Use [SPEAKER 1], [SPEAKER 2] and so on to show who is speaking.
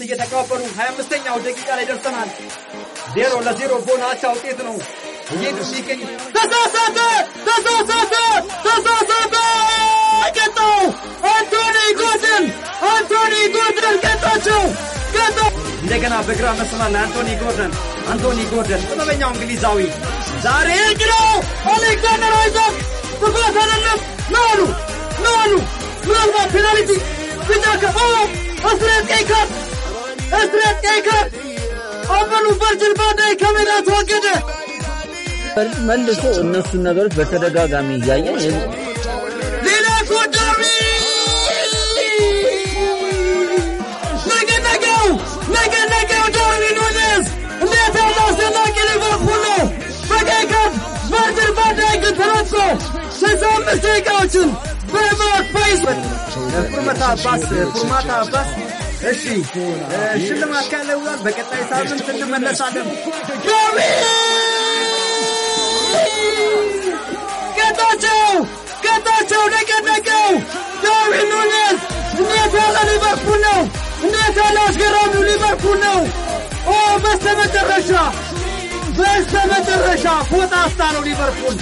[SPEAKER 1] ሶስት እየተቀባበሉ 25ኛው ደቂቃ ላይ ደርሰናል። ዜሮ ለዜሮ በሆነ አቻ ውጤት ነው
[SPEAKER 2] ይሄዱ ሲገኝ ተሳሳተ ተሳሳተ ተሳሳተ ገጠው አንቶኒ ጎድን አንቶኒ ጎድን ገጣቸው
[SPEAKER 1] ገጣ እንደገና በግራ መስመር ላይ አንቶኒ ጎርደን አንቶኒ ጎርደን ጥበበኛው እንግሊዛዊ
[SPEAKER 2] ዛሬ እንግዳው አሌክሳንደር አይዛክ ጥፋት አይደለም ናሉ ናሉ ምናልባት ፔናልቲ ብቻ ከኦ አስራ ዘጠኝ ካርድ እስራት ቀይከት አመሉ በርጅልባ ላይ ከሜዳ ተወገደ።
[SPEAKER 3] መልሶ እነሱን ነገሮች በተደጋጋሚ እያየ
[SPEAKER 2] ሌላ ተወዳሚ ነገ ነገው ነገ ነገው ዳርዊን ኑኔዝ እንዴት ያለ አስደናቂ ሊቨርፑል ነው! በቀይ ካርድ በርጅልባ ላይ ግን ተረትሶ ስልሳ አምስት ደቂቃዎችን በማክፋይዝ ፉርማታ አባስ ፉርማታ አባስ እሺ
[SPEAKER 4] ሽልማት ካለ በቀጣይ ሳምንት እንመለሳለን። ገቢ
[SPEAKER 2] ገጣቸው ገጣቸው ደቀደቀው ዳዊት ኑኔዝ እንዴት ያለ ሊቨርፑል ነው! እንዴት ያለ አስገራሚው ሊቨርፑል ነው! ኦ በስተ መጨረሻ በስተ መጨረሻ ሊቨርፑል